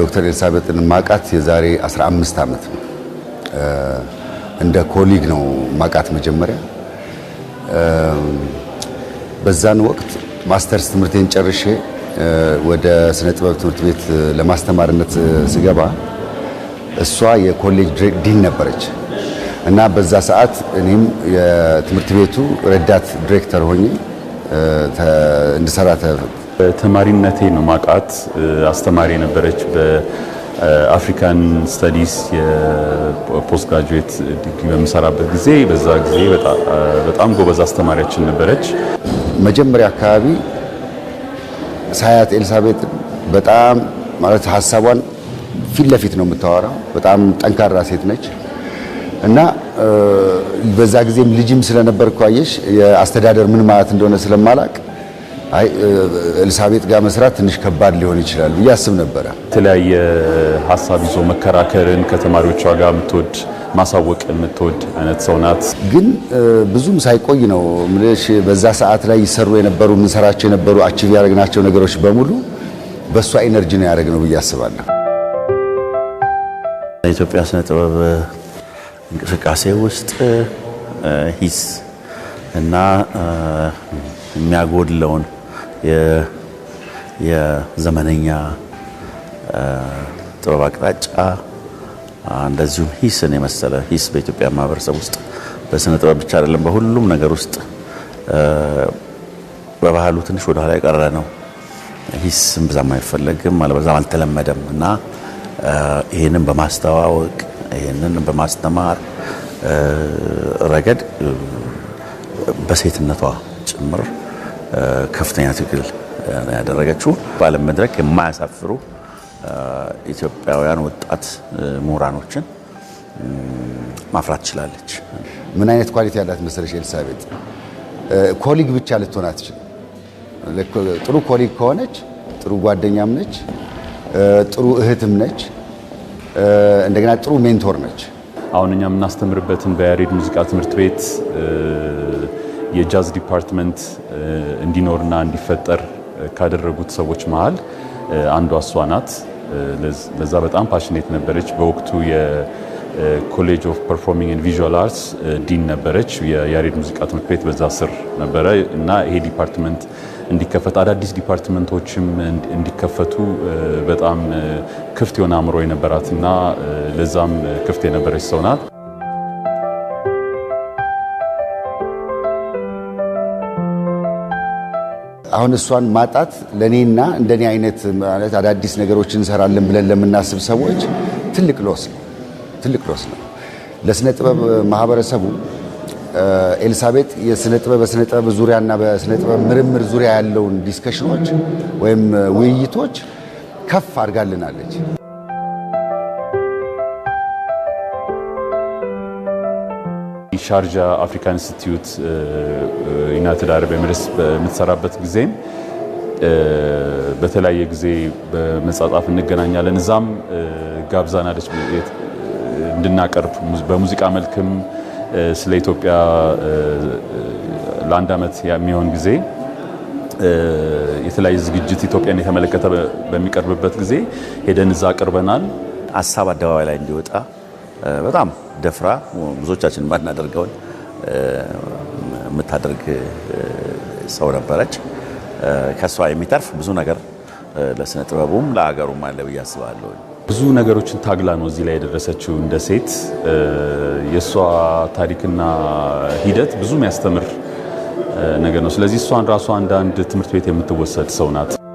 ዶክተር ኤልሳቤጥን ማቃት የዛሬ 15 ዓመት ነው። እንደ ኮሊግ ነው ማቃት መጀመሪያ። በዛን ወቅት ማስተርስ ትምህርቴን ጨርሼ ወደ ስነ ጥበብ ትምህርት ቤት ለማስተማርነት ስገባ እሷ የኮሌጅ ዲን ነበረች እና በዛ ሰዓት እኔም የትምህርት ቤቱ ረዳት ዲሬክተር ሆኜ እንድሰራ በተማሪነቴ ነው ማቃት አስተማሪ የነበረች በአፍሪካን ስተዲስ የፖስት ግራጁዌት ዲግሪ በምሰራበት ጊዜ በዛ ጊዜ በጣም ጎበዝ አስተማሪያችን ነበረች። መጀመሪያ አካባቢ ሳያት ኤልሳቤጥ በጣም ማለት ሀሳቧን ፊት ለፊት ነው የምታወራው። በጣም ጠንካራ ሴት ነች እና በዛ ጊዜም ልጅም ስለነበርኩ አየሽ የአስተዳደር ምን ማለት እንደሆነ ስለማላቅ አይ ኤልሳቤጥ ጋር መስራት ትንሽ ከባድ ሊሆን ይችላል ብዬ አስብ ነበረ። የተለያየ ሀሳብ ይዞ መከራከርን ከተማሪዎቿ ጋር የምትወድ ማሳወቅ የምትወድ አይነት ሰው ናት። ግን ብዙም ሳይቆይ ነው ምልሽ በዛ ሰዓት ላይ ይሰሩ የነበሩ የምንሰራቸው የነበሩ አቺቭ ያደረግናቸው ነገሮች በሙሉ በእሷ ኢነርጂ ነው ነው ብዬ አስባለሁ። ኢትዮጵያ ስነ ጥበብ እንቅስቃሴ ውስጥ ሂስ እና የሚያጎድለውን የዘመነኛ ጥበብ አቅጣጫ እንደዚሁም ሂስን የመሰለ ሂስ በኢትዮጵያ ማህበረሰብ ውስጥ በስነ ጥበብ ብቻ አይደለም፣ በሁሉም ነገር ውስጥ በባህሉ ትንሽ ወደኋላ ኋላ የቀረ ነው። ሂስም ብዛም አይፈለግም፣ አለበዛም አልተለመደም እና ይህንን በማስተዋወቅ ይህንን በማስተማር ረገድ በሴትነቷ ጭምር ከፍተኛ ትግል ያደረገችው በዓለም መድረክ የማያሳፍሩ ኢትዮጵያውያን ወጣት ምሁራኖችን ማፍራት ችላለች። ምን አይነት ኳሊቲ ያላት መሰለሽ ኤልሳቤጥ፣ ኮሊግ ብቻ ልትሆን አትችልም። ጥሩ ኮሊግ ከሆነች ጥሩ ጓደኛም ነች፣ ጥሩ እህትም ነች፣ እንደገና ጥሩ ሜንቶር ነች። አሁን እኛ የምናስተምርበትን በያሬድ ሙዚቃ ትምህርት ቤት የጃዝ ዲፓርትመንት እንዲኖርና እንዲፈጠር ካደረጉት ሰዎች መሀል አንዷ እሷ ናት። ለዛ በጣም ፓሽኔት ነበረች። በወቅቱ የኮሌጅ ኦፍ ፐርፎርሚንግ ኤንድ ቪዥዋል አርትስ ዲን ነበረች። የያሬድ ሙዚቃ ትምህርት ቤት በዛ ስር ነበረ እና ይሄ ዲፓርትመንት እንዲከፈት አዳዲስ ዲፓርትመንቶችም እንዲከፈቱ በጣም ክፍት የሆነ አእምሮ የነበራት እና ለዛም ክፍት የነበረች ሰው ናት። አሁን እሷን ማጣት ለእኔና እንደኔ አይነት ማለት አዳዲስ ነገሮች እንሰራለን ብለን ለምናስብ ሰዎች ትልቅ ሎስ ነው፣ ትልቅ ሎስ ነው። ለስነ ጥበብ ማህበረሰቡ ኤልሳቤጥ የስነ ጥበብ በስነ ጥበብ ዙሪያና በስነ ጥበብ ምርምር ዙሪያ ያለውን ዲስከሽኖች ወይም ውይይቶች ከፍ አድርጋልናለች። ሻርጃ አፍሪካ ኢንስቲትዩት ዩናይትድ አረብ ኤምሬትስ በምትሰራበት ጊዜም በተለያየ ጊዜ በመጻጻፍ እንገናኛለን። እዛም ጋብዛናለች እንድናቀርብ በሙዚቃ መልክም ስለ ኢትዮጵያ ለአንድ ዓመት የሚሆን ጊዜ የተለያየ ዝግጅት ኢትዮጵያን የተመለከተ በሚቀርብበት ጊዜ ሄደን እዛ አቅርበናል። ሀሳብ አደባባይ ላይ እንዲወጣ በጣም ደፍራ ብዙዎቻችን ማናደርገውን የምታደርግ ሰው ነበረች። ከእሷ የሚተርፍ ብዙ ነገር ለስነ ጥበቡም ለሀገሩም አለ ብዬ አስባለሁ። ብዙ ነገሮችን ታግላ ነው እዚህ ላይ የደረሰችው እንደ ሴት። የእሷ ታሪክና ሂደት ብዙ የሚያስተምር ነገር ነው። ስለዚህ እሷን ራሷ አንዳንድ ትምህርት ቤት የምትወሰድ ሰው ናት።